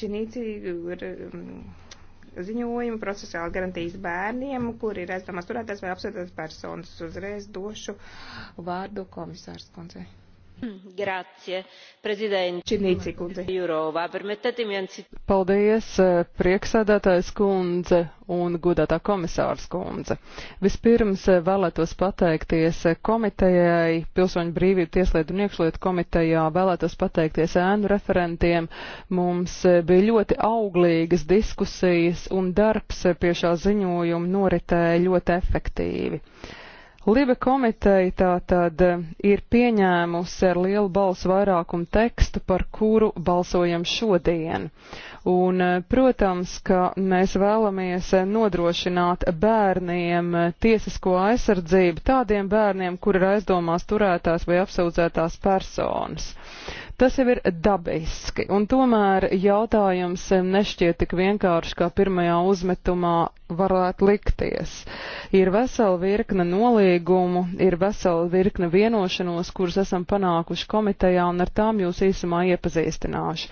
činīci ir mm, ziņojumi procesuāli garantijas bērniem, kur ir aizdomās turētās vai apsūdzētās personas. Uzreiz došu vārdu komisārs koncei. Grācie, Činīci, Jūrovā, Paldies, eh, prieksēdētājs kundze un godātā komisārs kundze. Vispirms eh, vēlētos pateikties eh, komitejai, pilsoņu brīvību tieslietu un iekšlietu komitejā, vēlētos pateikties ēnu referentiem. Mums bija ļoti auglīgas diskusijas un darbs pie šā ziņojuma noritēja ļoti efektīvi. Liba komiteja tātad eh, ir pieņēmusi ar lielu balsu vairākumu tekstu, par kuru balsojam šodien. Un, eh, protams, ka mēs vēlamies eh, nodrošināt bērniem tiesisko aizsardzību tādiem bērniem, kur ir aizdomās turētās vai apsūdzētās personas. Tas jau ir dabiski, un tomēr jautājums nešķiet tik vienkārši, kā pirmajā uzmetumā varētu likties. Ir vesela virkne nolīgumu, ir vesela virkne vienošanos, kuras esam panākuši komitejā, un ar tām jūs īsumā iepazīstināšu.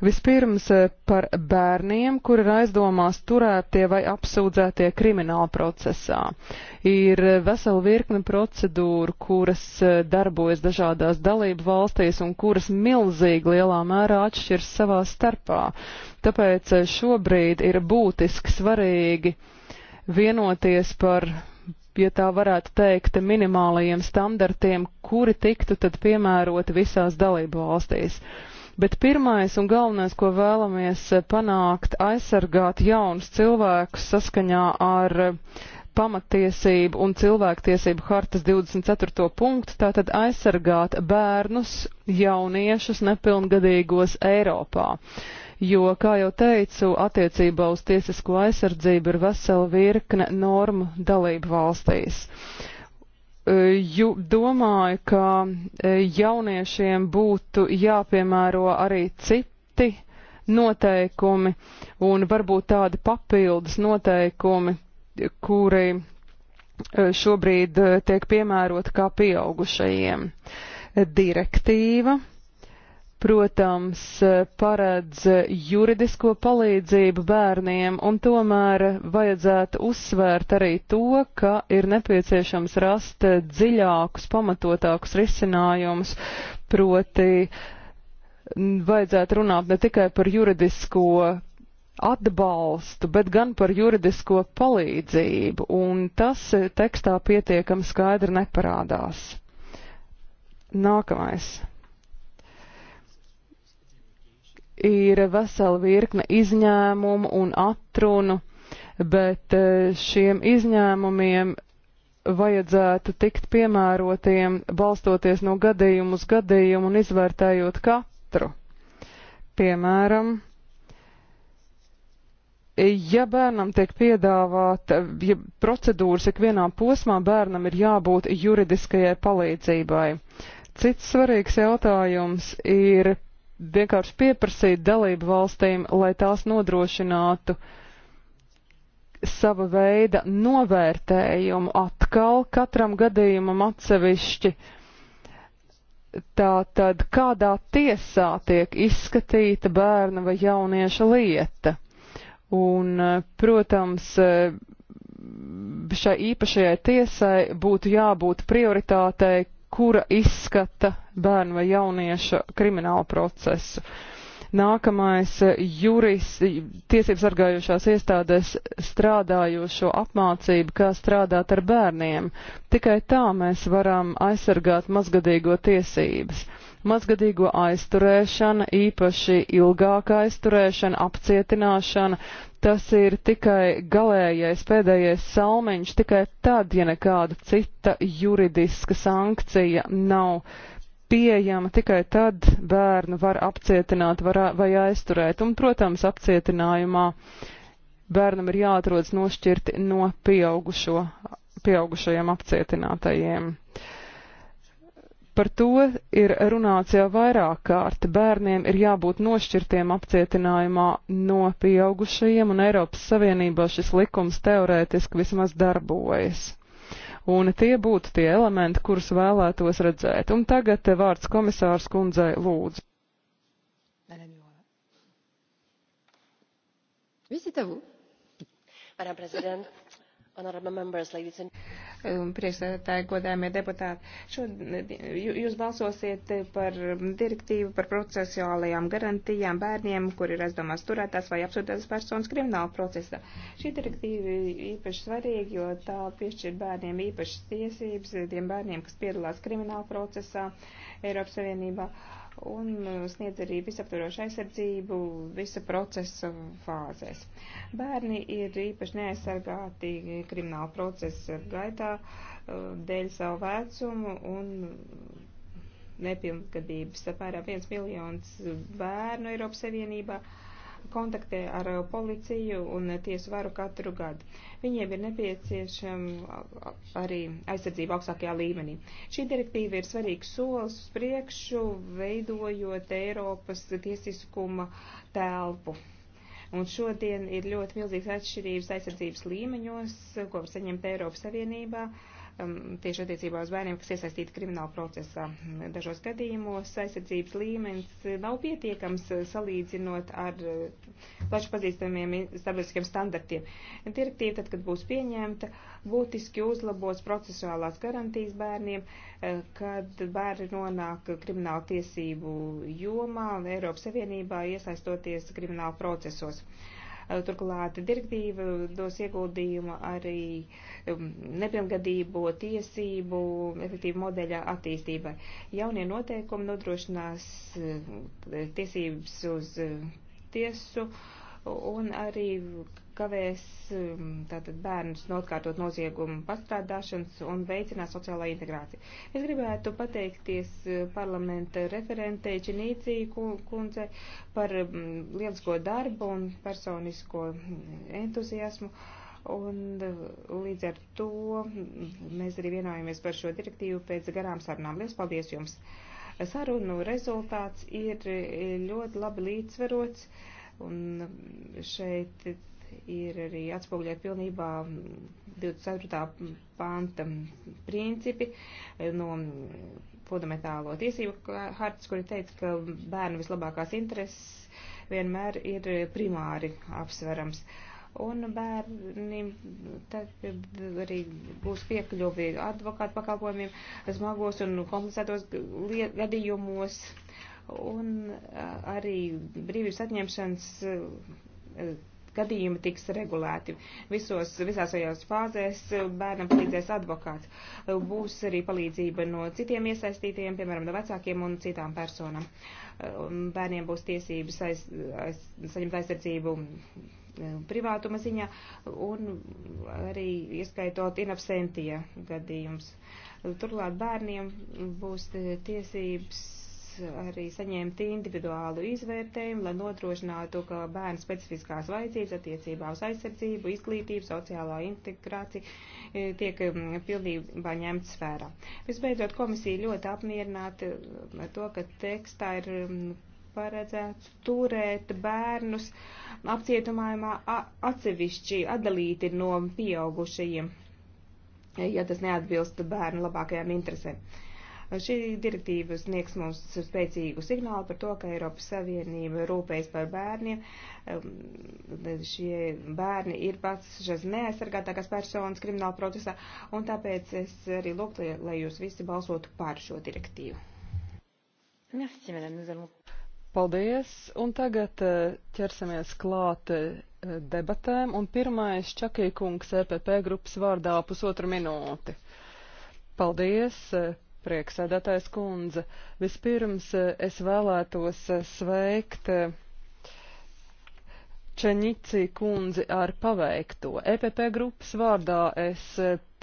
Vispirms eh, par bērniem, kur ir aizdomās turētie vai apsūdzētie krimināla procesā. Ir eh, vesela virkne procedūru, kuras eh, darbojas dažādās dalību valstīs un kuras milzīgi lielā mērā atšķiras savā starpā. Tāpēc šobrīd ir būtiski svarīgi vienoties par ja tā varētu teikt, minimālajiem standartiem, kuri tiktu tad piemēroti visās dalību valstīs. Bet pirmais un galvenais, ko vēlamies eh, panākt, aizsargāt jaunus cilvēkus saskaņā ar eh, pamatiesību un cilvēktiesību hartas 24. punktu, tātad aizsargāt bērnus, jauniešus, nepilngadīgos Eiropā. Jo, kā jau teicu, attiecībā uz tiesisko aizsardzību ir vesela virkne normu dalību valstīs. Uh, domāju, ka e, jauniešiem būtu jāpiemēro arī citi noteikumi un varbūt tādi papildus noteikumi, kuri e, šobrīd e, tiek piemēroti kā pieaugušajiem. Direktīva protams, paredz juridisko palīdzību bērniem, un tomēr vajadzētu uzsvērt arī to, ka ir nepieciešams rast dziļākus, pamatotākus risinājumus, proti vajadzētu runāt ne tikai par juridisko atbalstu, bet gan par juridisko palīdzību, un tas tekstā pietiekami skaidri neparādās. Nākamais. ir vesela virkne izņēmumu un atrunu, bet eh, šiem izņēmumiem vajadzētu tikt piemērotiem balstoties no gadījumu uz gadījumu un izvērtējot katru. Piemēram, ja bērnam tiek piedāvāta ja procedūras ikvienā posmā, bērnam ir jābūt juridiskajai palīdzībai. Cits svarīgs jautājums ir vienkārši pieprasīt dalību valstīm, lai tās nodrošinātu sava veida novērtējumu atkal katram gadījumam atsevišķi. Tā tad kādā tiesā tiek izskatīta bērna vai jaunieša lieta. Un, protams, šai īpašajai tiesai būtu jābūt prioritātei, kura izskata bērnu vai jaunieša kriminālu procesu. Nākamais eh, juris, tiesības sargājušās iestādēs strādājošo apmācību, kā strādāt ar bērniem. Tikai tā mēs varam aizsargāt mazgadīgo tiesības. Mazgadīgo aizturēšana, īpaši ilgāka aizturēšana, apcietināšana, Tas ir tikai galējais pēdējais salmiņš, tikai tad, ja nekāda cita juridiska sankcija nav pieejama, tikai tad bērnu var apcietināt var, vai aizturēt. Un, protams, apcietinājumā bērnam ir jāatrodas nošķirti no pieaugušo, pieaugušajiem apcietinātajiem. Uh, Par to ir runāts jau vairāk kārt. Bērniem ir jābūt nošķirtiem apcietinājumā no pieaugušajiem, un Eiropas Savienībā šis likums teorētiski vismaz darbojas. Un tie būtu tie elementi, kurus vēlētos redzēt. Un tagad vārds komisārs kundzei lūdzu. Madame la Présidente, Um, priekšsēdētāji, godājumie deputāti, šodien jūs balsosiet par direktīvu par procesuālajām garantijām bērniem, kuri ir aizdomās turētās vai apsūtētas personas krimināla procesā. Šī direktīva ir īpaši svarīga, jo tā piešķir bērniem īpašas tiesības, tiem bērniem, kas piedalās krimināla procesā Eiropas Savienībā. Uh, un uh, sniedz arī visaptvarošu aizsardzību visa procesa fāzēs. Bērni ir īpaši neaizsargāti krimināla procesa gaitā uh, dēļ savu vecumu un nepilngadības. Apmēram viens miljons bērnu Eiropas Savienībā kontaktē ar uh, policiju un tiesu varu katru gadu. Viņiem ir nepieciešama uh, arī aizsardzība augstākajā līmenī. Šī direktīva ir svarīgs solis uz priekšu, veidojot Eiropas tiesiskuma telpu. Un šodien ir ļoti milzīgs atšķirības aizsardzības līmeņos, ko var saņemt Eiropas Savienībā. Uh, Um, tieši attiecībā uz bērniem, kas iesaistīti krimināla procesā. Dažos gadījumos aizsardzības līmenis nav pietiekams uh, salīdzinot ar uh, plaši pazīstamiem starptautiskiem standartiem. Direktīva, tad, kad būs pieņemta, būtiski uzlabos procesuālās garantijas bērniem, uh, kad bērni nonāk krimināla tiesību jomā Eiropas Savienībā iesaistoties krimināla procesos. Uh, Turklāt direktīva dos ieguldījumu arī um, nepilngadību tiesību efektīvu modeļa attīstībai. Jaunie noteikumi nodrošinās uh, tiesības uz uh, tiesu un arī kavēs um, tātad bērnus notkārtot noziegumu pastrādāšanas un veicinās sociālā integrācija. Es gribētu pateikties uh, parlamenta referentei Čenīcī kundze par um, lielisko darbu un personisko mm, entuziasmu. Un uh, līdz ar to mm, mēs arī vienojamies par šo direktīvu pēc garām sarunām. Lielas paldies jums! Sarunu rezultāts ir uh, ļoti labi līdzsverots. Uh, Un šeit ir arī atspoguļot pilnībā 24. panta principi no fundamentālo tiesību hartas, kuri teica, ka bērnu vislabākās intereses vienmēr ir primāri apsverams. Un bērni tagad arī būs piekļuvi advokātu pakalpojumiem smagos un komplicētos gadījumos un arī brīvības atņemšanas gadījumi tiks regulēti. Visos, visās šajās fāzēs bērnam palīdzēs advokāts. Būs arī palīdzība no citiem iesaistītajiem, piemēram, no vecākiem un citām personām. Bērniem būs tiesības aiz, aiz, saņemt aizsardzību privātuma ziņā un arī ieskaitot inabsentie gadījums. Turklāt bērniem būs tiesības arī saņemt individuālu izvērtējumu, lai nodrošinātu, ka bērnu specifiskās vajadzības attiecībā uz aizsardzību, izglītību, sociālā integrācija e, tiek pilnībā ņemts vērā. Visbeidzot, komisija ļoti apmierināta ar to, ka tekstā ir paredzēts turēt bērnus apcietumājumā atsevišķi atdalīti no pieaugušajiem, e, ja tas neatbilst bērnu labākajām interesēm. Šī direktīva sniegs mums spēcīgu signālu par to, ka Eiropas Savienība rūpējas par bērniem. Šie bērni ir pats šas neaizsargātākās personas krimināla procesā, un tāpēc es arī lūgtu, lai jūs visi balsotu par šo direktīvu. Merci, madame, nous allons... Paldies, un tagad eh, ķersimies klāt eh, debatēm, un pirmais Čakīkungs EPP grupas vārdā pusotru minūti. Paldies, eh, Prieksēdētājs kundze, vispirms eh, es vēlētos eh, sveikt eh, Čeņicī kundzi ar paveikto. EPP grupas vārdā es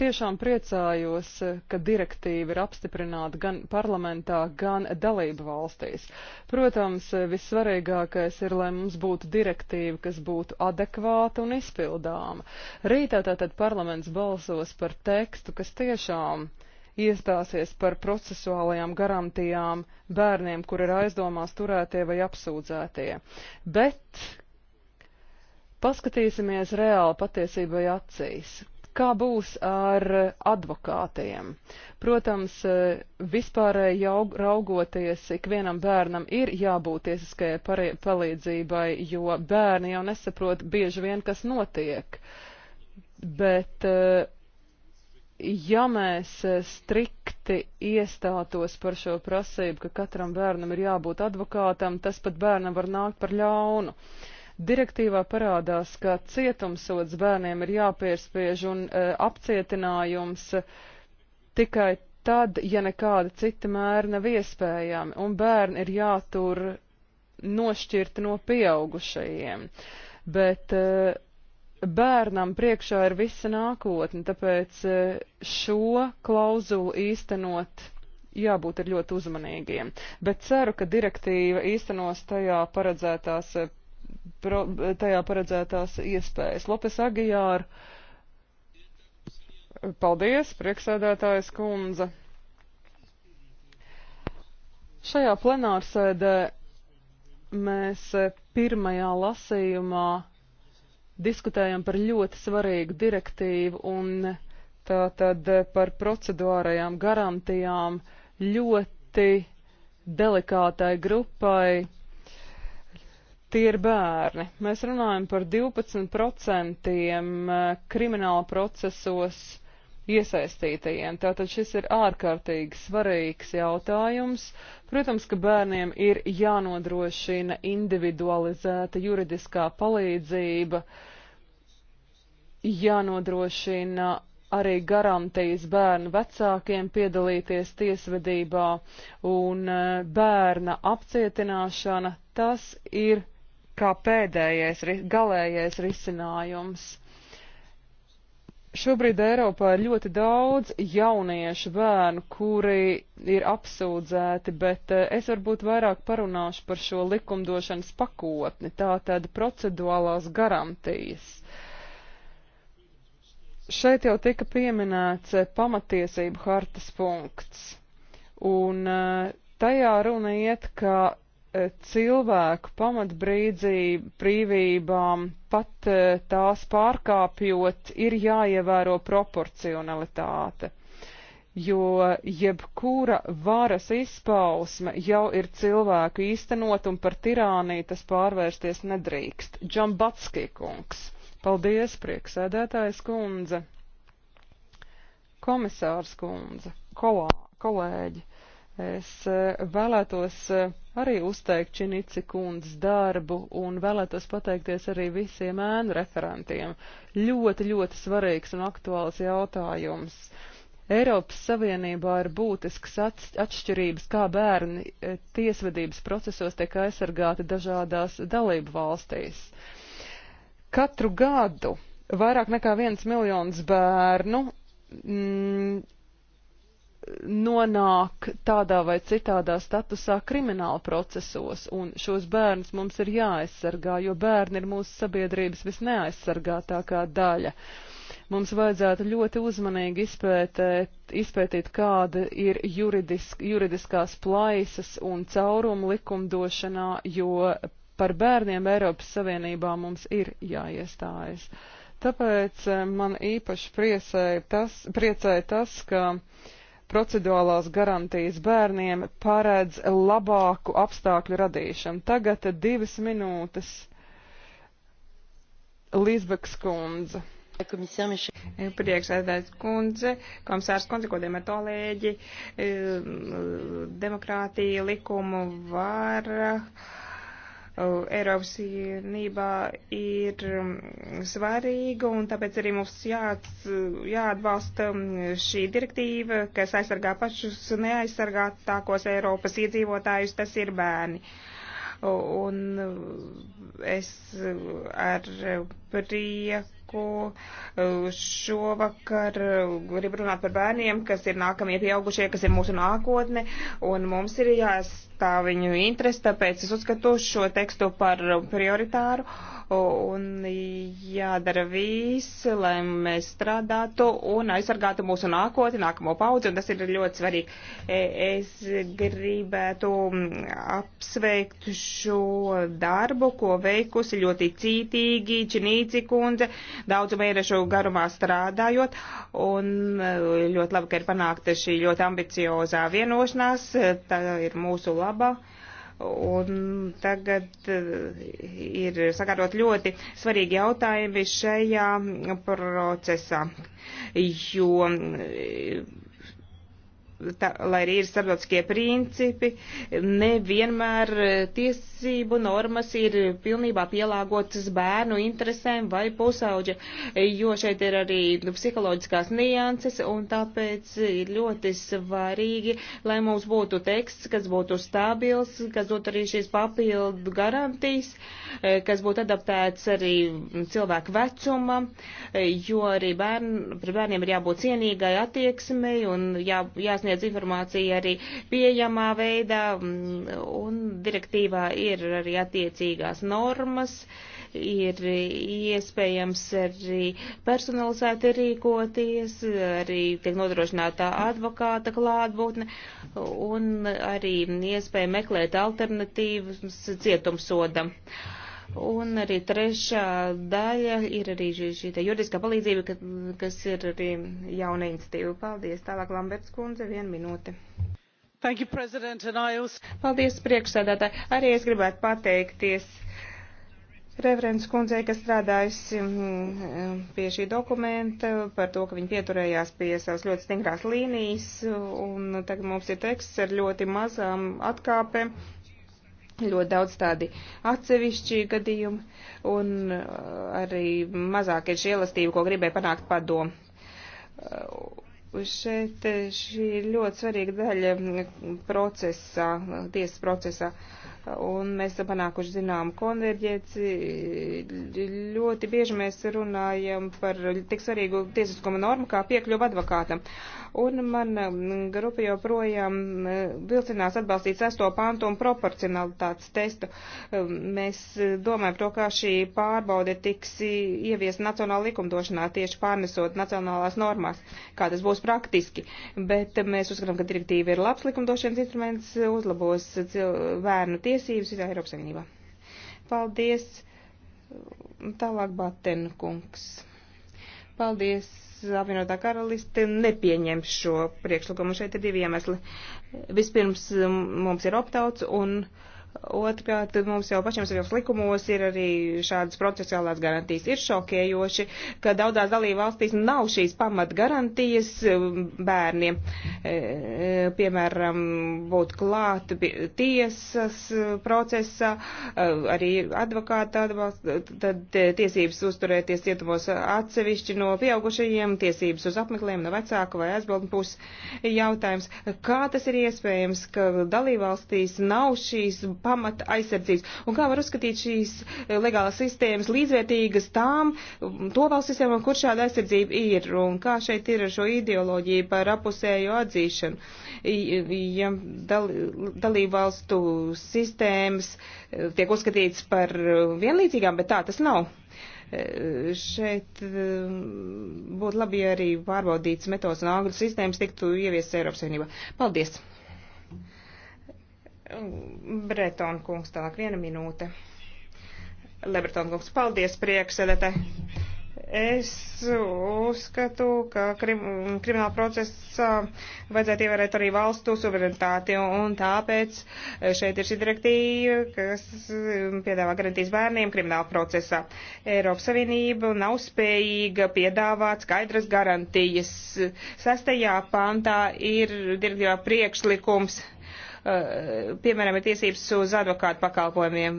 tiešām priecājos, ka direktīva ir apstiprināta gan parlamentā, gan dalību valstīs. Protams, vissvarīgākais ir, lai mums būtu direktīva, kas būtu adekvāta un izpildāma. Rītā tātad parlaments balsos par tekstu, kas tiešām uh, iestāsies par procesuālajām garantijām bērniem, kur ir aizdomās turētie vai apsūdzētie. Bet paskatīsimies reāli patiesībai acīs. Kā būs ar advokātiem? Protams, vispārēji raugoties, ikvienam bērnam ir jābūt tiesiskajai palīdzībai, jo bērni jau nesaprot bieži vien, kas notiek. Bet uh, ja mēs e, strikti iestātos par šo prasību, ka katram bērnam ir jābūt advokātam, tas pat bērnam var nākt par ļaunu. Direktīvā parādās, ka cietumsods bērniem ir jāpiespiež un e, apcietinājums tikai tad, ja nekāda cita mēra nav iespējama, un bērni ir jātur nošķirti no pieaugušajiem. Bet e, bērnam priekšā ir visa nākotne, tāpēc e, šo klauzulu īstenot jābūt ir ļoti uzmanīgiem. Bet ceru, ka direktīva īstenos tajā paredzētās, e, pro, tajā paredzētās iespējas. Lopes Agijāra, paldies, prieksēdētājas kundze. Šajā plenārsēdē mēs e, pirmajā lasījumā diskutējam par ļoti svarīgu direktīvu un tātad par procedūrajām garantijām ļoti delikātai grupai. Tie ir bērni. Mēs runājam par 12% eh, krimināla procesos iesaistītajiem. Tātad šis ir ārkārtīgi svarīgs jautājums. Protams, ka bērniem ir jānodrošina individualizēta juridiskā palīdzība, jānodrošina arī garantijas bērnu vecākiem piedalīties tiesvedībā un e, bērna apcietināšana. Tas ir kā pēdējais, galējais risinājums. Šobrīd Eiropā ir ļoti daudz jauniešu bērnu, kuri ir apsūdzēti, bet eh, es varbūt vairāk parunāšu par šo likumdošanas pakotni, tātad procedūlās garantijas. Šeit jau tika pieminēts eh, pamatiesību hartas punkts, un eh, tajā runa iet, ka cilvēku pamatbrīvībām, pat eh, tās pārkāpjot, ir jāievēro proporcionalitāte, jo jebkura varas izpausme jau ir cilvēku īstenot un par tirāniju tas pārvērsties nedrīkst. Džambatskī kungs. Paldies, prieksēdētājs kundze. Komisārs kundze. Kolā, kolēģi. Es e, vēlētos e, arī uzteikt Činici kundzes darbu un vēlētos pateikties arī visiem ēnu referentiem. Ļoti, ļoti svarīgs un aktuāls jautājums. Eiropas Savienībā ir būtisks atšķirības, kā bērni e, tiesvedības procesos tiek aizsargāti dažādās dalību valstīs. Katru gadu vairāk nekā viens miljons bērnu mm, nonāk tādā vai citādā statusā krimināla procesos, un šos bērnus mums ir jāaizsargā, jo bērni ir mūsu sabiedrības visneaizsargātākā daļa. Mums vajadzētu ļoti uzmanīgi izpētēt, izpētīt, kāda ir juridisk, juridiskās plaisas un caurumu likumdošanā, jo par bērniem Eiropas Savienībā mums ir jāiestājas. Tāpēc eh, man īpaši priecēja tas, priecēja tas ka uh, procedūrālās garantijas bērniem paredz labāku apstākļu radīšanu. Tagad divas minūtes Līsbeks kundze. Priekšsēdētājs kundze, komisārs kundze, godiem ar kolēģi, ehm, demokrātija likumu vara Eiropas vienībā ir um, svarīga, un tāpēc arī mums jāats, jāatbalsta um, šī direktīva, kas aizsargā pašus neaizsargātākos Eiropas iedzīvotājus, tas ir bērni. Un es ar prieku ko šovakar grib runāt par bērniem, kas ir nākamie pieaugušie, kas ir mūsu nākotne, un mums ir jāstāv viņu interesi, tāpēc es uzskatu šo tekstu par prioritāru un jādara viss, lai mēs strādātu un aizsargātu mūsu nākotni, nākamo paudzi, un tas ir ļoti svarīgi. E, es gribētu apsveikt šo darbu, ko veikusi ļoti cītīgi Činīci kundze. Uh, daudzu mēnešu garumā strādājot, un e, ļoti labi, ka ir panākta šī ļoti ambiciozā vienošanās, tā ir mūsu laba. Un tagad e, ir sakārtot ļoti svarīgi jautājumi šajā procesā, jo e, tā, lai arī ir starptautiskie principi, nevienmēr e, tiesību normas ir pilnībā pielāgotas bērnu interesēm vai pusauģa, e, jo šeit ir arī nu, psiholoģiskās nianses, un tāpēc ir ļoti svarīgi, lai mums būtu teksts, kas būtu stabils, kas dot arī šīs papildu garantijas, e, kas būtu adaptēts arī cilvēku vecumam, jo arī bērn, par bērniem ir jābūt cienīgai attieksmei un jā, jāsniedz sniedz informāciju arī pieejamā veidā, mm, un direktīvā ir arī attiecīgās normas, ir iespējams arī personalizēti rīkoties, arī tiek nodrošināta advokāta klātbūtne, un arī iespēja meklēt alternatīvas cietumsodam. Uh, Un arī trešā daļa ir arī šī, šī juridiskā palīdzība, kas ir arī jauna iniciatīva. Paldies. Tālāk Lamberts kundze, viena minūte. Thank you, President, and I also... Paldies, priekšsēdētāji. Arī es gribētu pateikties. Reverends kundzei, kas strādājusi mm, mm, pie šī dokumenta, par to, ka viņi pieturējās pie savas ļoti stingrās līnijas, un tagad mums ir teksts ar ļoti mazām atkāpēm ļoti daudz tādi atsevišķi gadījumi un uh, arī mazāk ir šī elastība, ko gribēja panākt padomu. Uh, šeit uh, šī ļoti svarīga daļa mm, procesā, tiesas procesā. Uh, un mēs esam panākuši zināmu konverģēci. Ļoti bieži mēs runājam par tik svarīgu tiesiskuma normu kā piekļuva advokātam. Un man mm, grupa joprojām mm, vilcinās atbalstīt sesto pantu un proporcionalitātes testu. Mm, mēs domājam to, kā šī pārbaude tiks ievies nacionāla likumdošanā, tieši pārnesot nacionālās normās, kā tas būs praktiski. Bet mēs uzskatām, ka direktīva ir labs likumdošanas instruments, uzlabos bērnu tiesības tiesības visā Eiropas Savienībā. Paldies! Tālāk Batenkungs. Paldies! apvienotā karaliste nepieņem šo priekšlikumu. Šeit ir divi iemesli. Vispirms mums ir optauts un uh, Otrkārt, mums jau pašiem savos likumos ir arī šādas procesuālās garantijas. Ir šokējoši, ka daudzās dalību valstīs nav šīs pamat garantijas um, bērniem. E, e, piemēram, būt klāt tiesas e, procesā, arī advokāta atbalsta, tad tiesības uzturēties cietumos atsevišķi no pieaugušajiem, tiesības uz apmeklējumu no vecāka vai aizbildņu puses jautājums. Kā tas ir iespējams, ka dalību valstīs nav šīs pamata aizsardzības. Un kā var uzskatīt šīs e, legālās sistēmas līdzvērtīgas tām, to valsts sistēmām, kur šāda aizsardzība ir, un kā šeit ir ar šo ideoloģiju par apusēju atzīšanu. Ja dal, dalībvalstu sistēmas e, tiek uzskatīts par e, vienlīdzīgām, bet tā tas nav šeit būtu labi arī pārbaudīts metodas un angļu sistēmas tiktu ieviests Eiropas Savienībā. Paldies! Breton kungs, tālāk viena minūte. Lebreton kungs, paldies priekšsēdētāji. Es uzskatu, ka krim, krimināla procesā vajadzētu ievērēt arī valstu suverenitāti, un tāpēc šeit ir šī direktīva, kas piedāvā garantijas bērniem krimināla procesā. Eiropas Savienība nav spējīga piedāvāt skaidras garantijas. Sastajā pantā ir direktīvā priekšlikums Eh, piemēram, ir tiesības uz advokātu pakalpojumiem,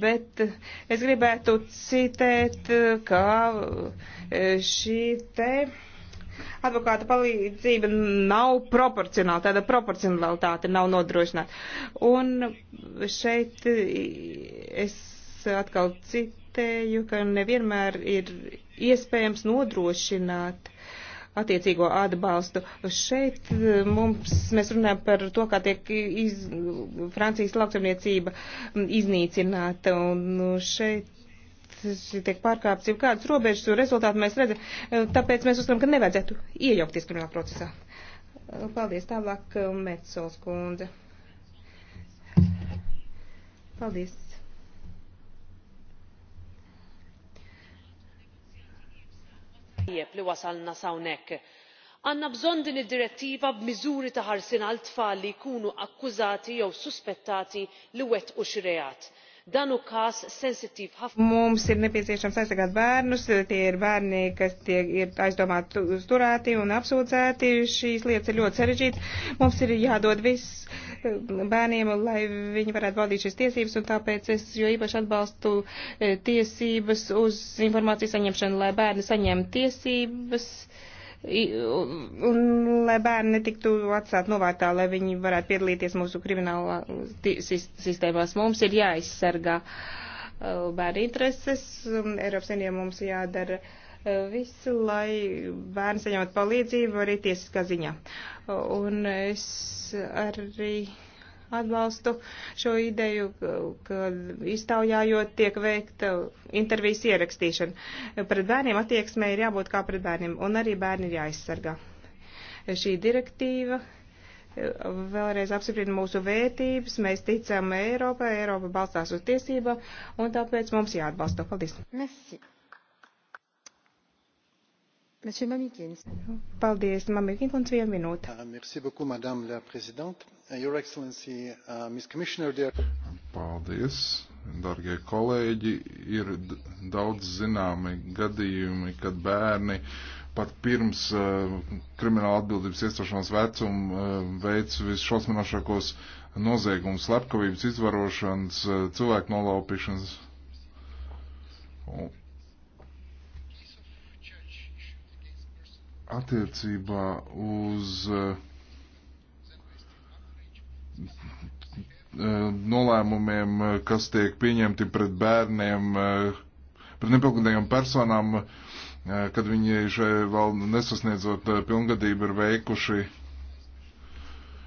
bet es gribētu citēt, eh, ka eh, šī te advokāta palīdzība nav proporcionāla, tāda proporcionalitāte nav nodrošināta. Un šeit es atkal citēju, ka nevienmēr ir iespējams nodrošināt uh, attiecīgo atbalstu. Šeit eh, mums, mēs runājam par to, kā tiek iz, Francijas lauksamniecība mm, iznīcināta, un nu, šeit tiek pārkāpts jau kādas robežas, un rezultātu mēs redzam. Eh, tāpēc mēs uzskatām, ka nevajadzētu iejaukties krimināla procesā. Eh, paldies tālāk, Metsols kundze. Paldies. tajjeb li wasalna hawnhekk. għandna bżonn din id-direttiva b'miżuri ta' ħarsien għal tfal li jkunu akkużati jew suspettati li wettqu xi reat dan nu każ sensitīv ħafna. Mums ir nepieciešams aizsargāt bērnus, tie ir bērni, kas tiek ir aizdomāti turēti un apsūdzēti. Šīs lietas ir ļoti sarežģītas. Mums ir jādod viss eh, bērniem, lai viņi varētu baudīt šīs tiesības, un tāpēc es jo īpaši atbalstu eh, tiesības uz informāciju saņemšanu, lai bērni saņem tiesības. Uh, un lai bērni netiktu atstāt novārtā, lai viņi varētu piedalīties mūsu kriminālā sistēmās, mums ir jāaizsargā uh, bērnu intereses. Eiropas Savienībā mums jādara uh, visu, lai bērni saņemtu palīdzību arī tiesiskā ziņā. Un es arī atbalstu šo ideju, ka iztaujājot tiek veikta intervijas ierakstīšana. Pret bērniem attieksmē ir jābūt kā pret bērniem, un arī bērni ir jāaizsargā. Šī direktīva eh, vēlreiz apsiprina mūsu vērtības, mēs ticam Eiropai, Eiropa balstās uz tiesībām, un tāpēc mums jāatbalsta. Paldies! Merci. Paldies, Mamikins, un vienu minūti. Uh, merci beaucoup, madame la présidente. Uh, your excellency, uh, Miss Commissioner, dear. Paldies, darbie kolēģi. Ir daudz zināmi gadījumi, kad bērni pat pirms uh, krimināla atbildības iestāšanās vecuma uh, veic visšausminošākos noziegumus, slepkavības izvarošanas, uh, cilvēku nolaupīšanas. Un, attiecībā uz eh, nolēmumiem, kas tiek pieņemti pret bērniem, eh, pret nepilngadīgām personām, eh, kad viņi šeit vēl nesasniedzot pilngadību ir veikuši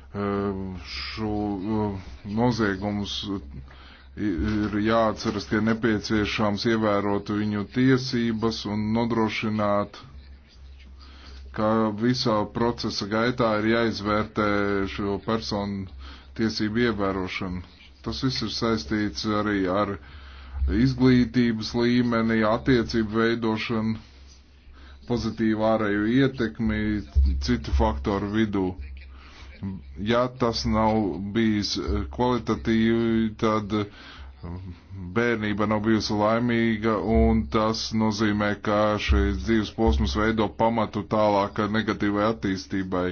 šo noziegumus ir jāatceras, ka nepieciešams ievērot viņu tiesības un nodrošināt ka visā procesa gaitā ir jāizvērtē šo personu tiesību ievērošanu. Tas viss ir saistīts arī ar izglītības līmeni, attiecību veidošanu, pozitīvu ārēju ietekmi citu faktoru vidū. Ja tas nav bijis kvalitatīvi, tad uh, bērnība nav bijusi laimīga, un tas nozīmē, ka šis dzīves posms veido pamatu tālākai negatīvai attīstībai.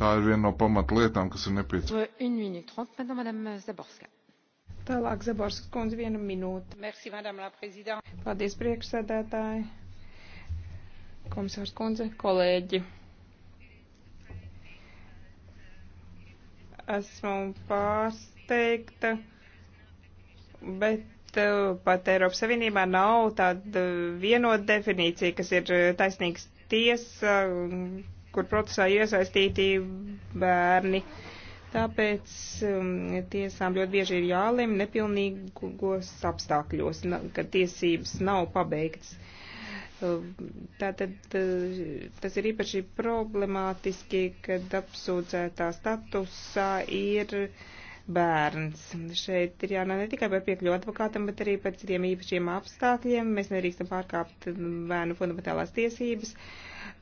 Tā ir viena no pamatlietām, kas ir nepieciešama. Tālāk Zaborskas kundze viena minūte. Merci, Paldies, priekšsēdētāji, komisārs kundze, kolēģi. Esmu pārsteigta bet eh, pat Eiropas Savienībā nav tāda vienota definīcija, kas ir eh, taisnīgs tiesa, mm, kur procesā iesaistīti bērni. Tāpēc um, tiesām ļoti bieži ir jālem nepilnīgos apstākļos, kad tiesības nav pabeigtas. Um, tātad eh, tas ir īpaši problemātiski, kad apsūdzētā statusā ir uh, bērns. Šeit ir jānāk ne tikai par piekļuvu advokātam, bet arī par citiem īpašiem apstākļiem. Mēs nedrīkstam pārkāpt bērnu fundamentālās tiesības.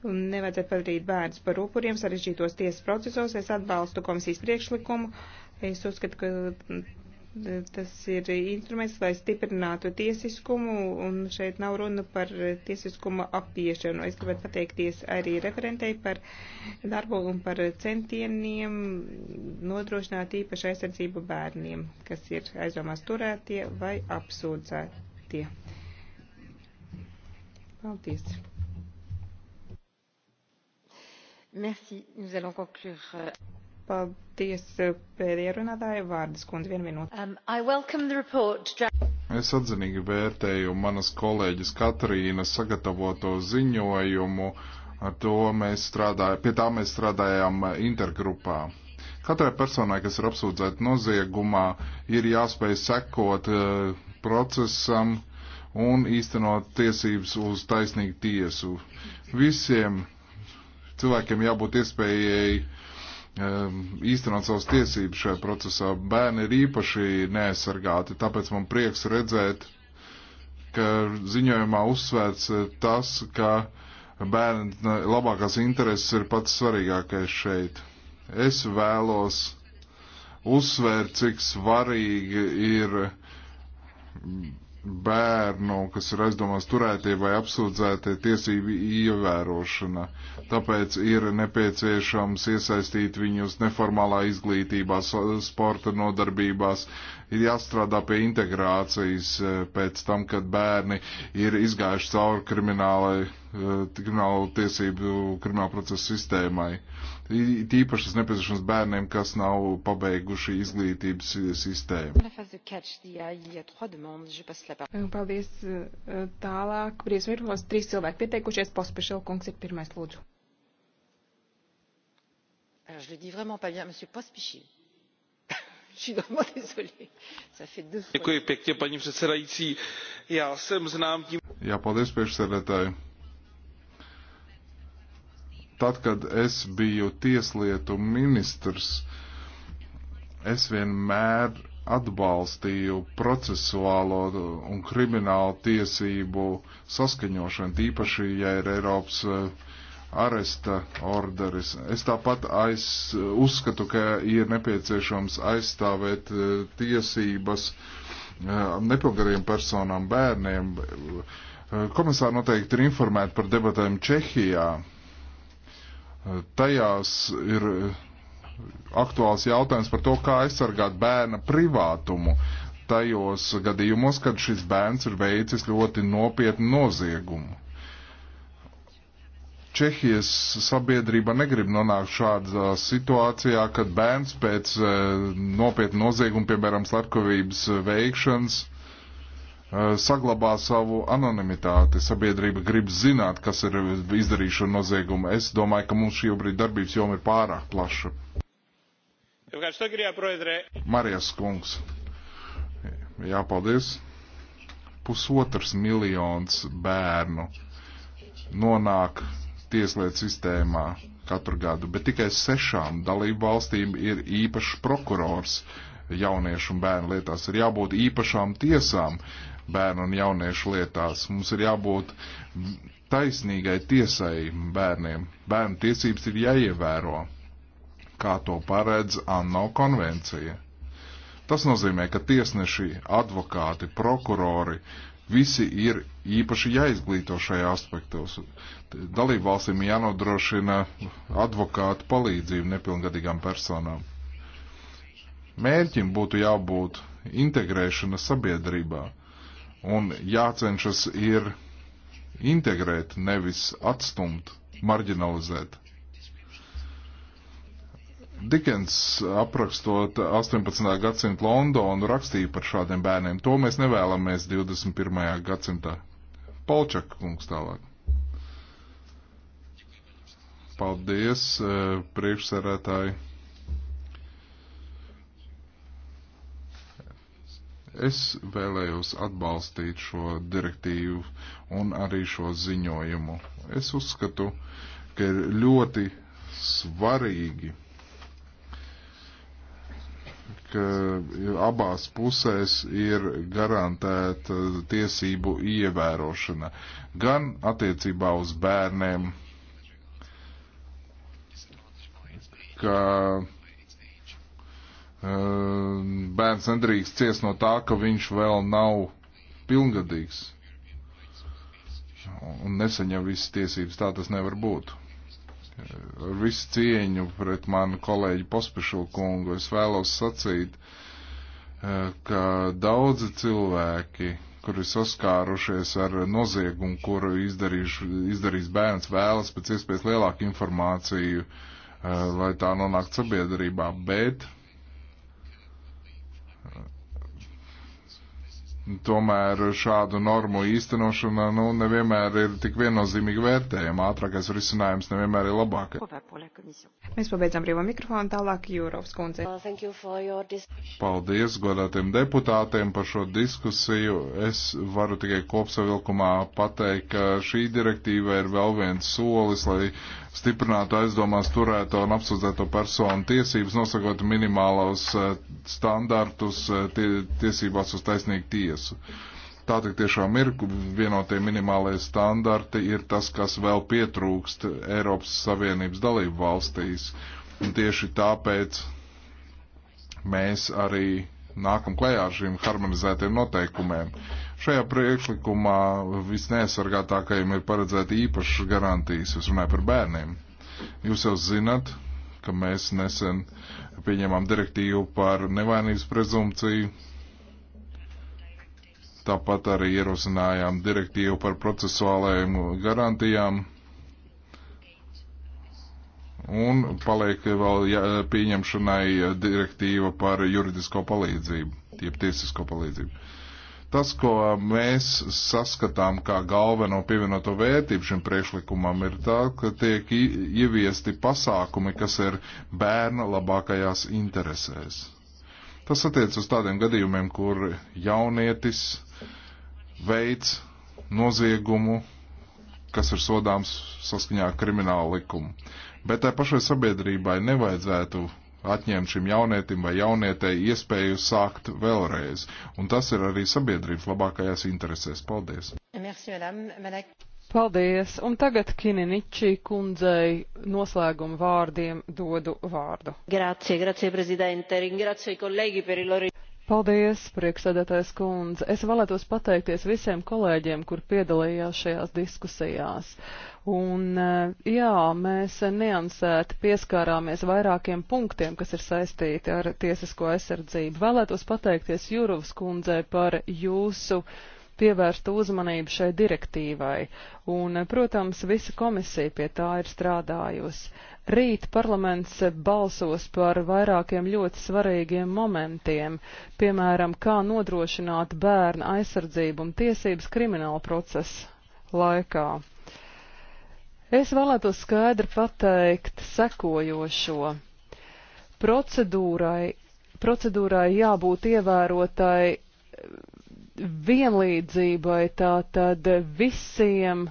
Nevajadzētu padarīt bērns par upuriem sarežģītos tiesas procesos. Es atbalstu komisijas priekšlikumu. Es uzskatu, ka Tas ir instruments, lai stiprinātu tiesiskumu, un šeit nav runa par tiesiskuma apiešanu. Es gribētu pateikties arī referentei par darbu un par centieniem nodrošināt īpašu aizsardzību bērniem, kas ir aizdomās turētie vai apsūdzētie. Paldies! Merci. Nous allons conclure. Paldies eh, pēdējā runātāja vārdas kundze vienu minūti. Um, es atzinīgi vērtēju manas kolēģis Katrīnas sagatavoto ziņojumu. Ar to mēs strādājam, pie tā mēs strādājām eh, intergrupā. Katrai personai, kas ir apsūdzēta noziegumā, ir jāspēj sekot uh, procesam un īstenot tiesības uz taisnīgu tiesu. Visiem cilvēkiem jābūt iespējai uh, Ehm, īstenot savas tiesības šajā procesā. Bērni ir īpaši neaizsargāti, tāpēc man prieks redzēt, ka ziņojumā uzsvērts eh, tas, ka bērnu labākās intereses ir pats svarīgākais šeit. Es vēlos uzsvērt, cik svarīgi ir bērnu, kas ir aizdomās turētie vai apsūdzētie tiesību ievērošana. Tāpēc ir nepieciešams iesaistīt viņus neformālā izglītībā, sporta nodarbībās. Ir jāstrādā pie integrācijas e, pēc tam, kad bērni ir izgājuši cauri kriminālu e, tiesību, kriminālu procesu sistēmai tīpašas nepieciešams bērniem, kas nav pabeiguši izglītības sistēmu. Paldies eh, tālāk. Brīvs mirklis, trīs cilvēki pieteikušies, pospešil kungs ir pirmais lūdzu. Alors, je le dis vraiment pas bien, monsieur Pospichil. je suis vraiment désolée. Ça fait deux fois. Děkuji pěkně, paní předsedající. Já jsem znám tím... Já paldies, priekšsēdētāji Tad, kad es biju tieslietu ministrs, es vienmēr atbalstīju procesuālo un kriminālu tiesību saskaņošanu, tīpaši, ja ir Eiropas eh, aresta orderis. Es tāpat aiz, uzskatu, ka ir nepieciešams aizstāvēt eh, tiesības eh, nepilngadiem personām, bērniem. Komisāri noteikti ir informēti par debatēm Čehijā Tajās ir eh, aktuāls jautājums par to, kā aizsargāt bērna privātumu tajos gadījumos, kad šis bērns ir veicis ļoti nopietnu noziegumu. Čehijas sabiedrība negrib nonākt šādā situācijā, kad bērns pēc eh, nopietnu noziegumu, piemēram, slepkavības veikšanas, Eh, saglabā savu anonimitāti. Sabiedrība grib zināt, kas ir izdarīšana nozieguma. Es domāju, ka mums šī brīdī darbības joma ir pārāk plaša. Marijas kungs. Jā, paldies. Pusotrs miljons bērnu nonāk tieslietu sistēmā katru gadu, bet tikai sešām dalību valstīm ir īpašs prokurors jauniešu un bērnu lietās. Ir jābūt īpašām tiesām, bērnu un jauniešu lietās. Mums ir jābūt taisnīgai tiesai bērniem. Bērnu tiesības ir jāievēro, kā to paredz ANO konvencija. Tas nozīmē, ka tiesneši, advokāti, prokurori, visi ir īpaši jāizglīto šajā aspektos. Dalību valstīm jānodrošina advokātu palīdzību nepilngadīgām personām. Mērķim būtu jābūt integrēšana sabiedrībā un jācenšas ir integrēt, nevis atstumt, marginalizēt. Dikens aprakstot 18. gadsimta Londonu rakstīja par šādiem bērniem. To mēs nevēlamies 21. gadsimtā. Palčaka kungs tālāk. Paldies, eh, priekšsarētāji. Es vēlējos atbalstīt šo direktīvu un arī šo ziņojumu. Es uzskatu, ka ir ļoti svarīgi, ka abās pusēs ir garantēta tiesību ievērošana gan attiecībā uz bērniem, ka Ehm, bērns nedrīkst ciest no tā, ka viņš vēl nav pilngadīgs un nesaņem visas tiesības. Tā tas nevar būt. Ar visu cieņu pret manu kolēģi Pospešu kungu es vēlos sacīt, e, ka daudzi cilvēki, kuri saskārušies ar noziegumu, kuru izdarīš, izdarīs bērns, vēlas pēc iespējas lielāku informāciju, e, lai tā nonāktu sabiedrībā, bet Tomēr šādu normu īstenošana nu, nevienmēr ir tik viennozīmīgi vērtējama. Ātrākais risinājums nevienmēr ir labākais. Mēs pabeidzam brīvo mikrofonu tālāk Jūrovs kundze. Paldies godātiem deputātiem par šo diskusiju. Es varu tikai kopsavilkumā pateikt, ka šī direktīva ir vēl viens solis, lai stiprinātu aizdomās turēto un apsūdzēto personu tiesības, nosakot minimālos eh, standartus eh, tie, tiesībās uz taisnīgu tiesu. Tā tik tiešām ir, vienotie minimālais standarti ir tas, kas vēl pietrūkst Eiropas Savienības dalību valstīs. Un tieši tāpēc mēs arī nākam klajā ar šīm harmonizētiem noteikumiem. Uh, Šajā priekšlikumā visneaizsargātākajiem ir paredzēta īpašas garantijas, es runāju par bērniem. Jūs jau zinat, ka mēs nesen pieņēmām direktīvu par nevainības prezumciju, tāpat arī ierosinājām direktīvu par procesuālajiem garantijām. Un paliek vēl pieņemšanai direktīva par juridisko palīdzību, jeb tiesisko palīdzību. Tas, ko mēs saskatām kā galveno pievienoto vērtību šim priekšlikumam, ir tā, ka tiek ieviesti pasākumi, kas ir bērna labākajās interesēs. Tas attiec uz tādiem gadījumiem, kur jaunietis veids noziegumu, kas ir sodāms saskaņā ar kriminālu likumu. Bet tai pašai sabiedrībai nevajadzētu atņemt šim jaunietim vai jaunietei iespēju sākt vēlreiz. Un tas ir arī sabiedrības labākajās interesēs. Paldies! Paldies! Un tagad Kininičī kundzei noslēguma vārdiem dodu vārdu. Grazie, grazie, prezidente. Ringrazio i kolēģi per il loro. Paldies, priekšsēdētājs kundze. Es vēlētos pateikties visiem kolēģiem, kur piedalījās šajās diskusijās. Un, eh, jā, mēs neansēti pieskārāmies vairākiem punktiem, kas ir saistīti ar tiesisko aizsardzību. Vēlētos pateikties Jurovs kundzē par jūsu pievērstu uzmanību šai direktīvai, un, eh, protams, visa komisija pie tā ir strādājusi. Rīt parlaments balsos par vairākiem ļoti svarīgiem momentiem, piemēram, kā nodrošināt bērnu aizsardzību un tiesības krimināla procesa laikā. Es vēlētos skaidri pateikt sekojošo. Procedūrai, procedūrai jābūt ievērotai eh, vienlīdzībai, tātad visiem,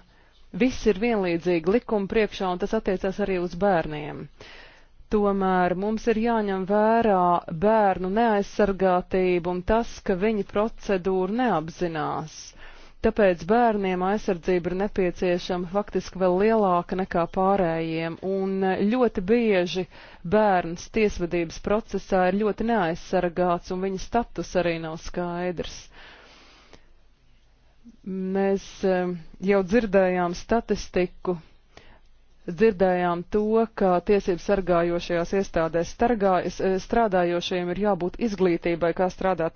viss ir vienlīdzīgi likuma priekšā, un tas attiecās arī uz bērniem. Tomēr mums ir jāņem vērā bērnu neaizsargātība un tas, ka viņi procedūru neapzinās. Tāpēc bērniem aizsardzība ir nepieciešama faktiski vēl lielāka nekā pārējiem, un e, ļoti bieži bērns tiesvedības procesā ir ļoti neaizsargāts, un viņa status arī nav skaidrs. Mēs e, jau dzirdējām statistiku, dzirdējām to, ka tiesību sargājošajās iestādēs stargā, e, strādājošajiem ir jābūt izglītībai, kā strādāt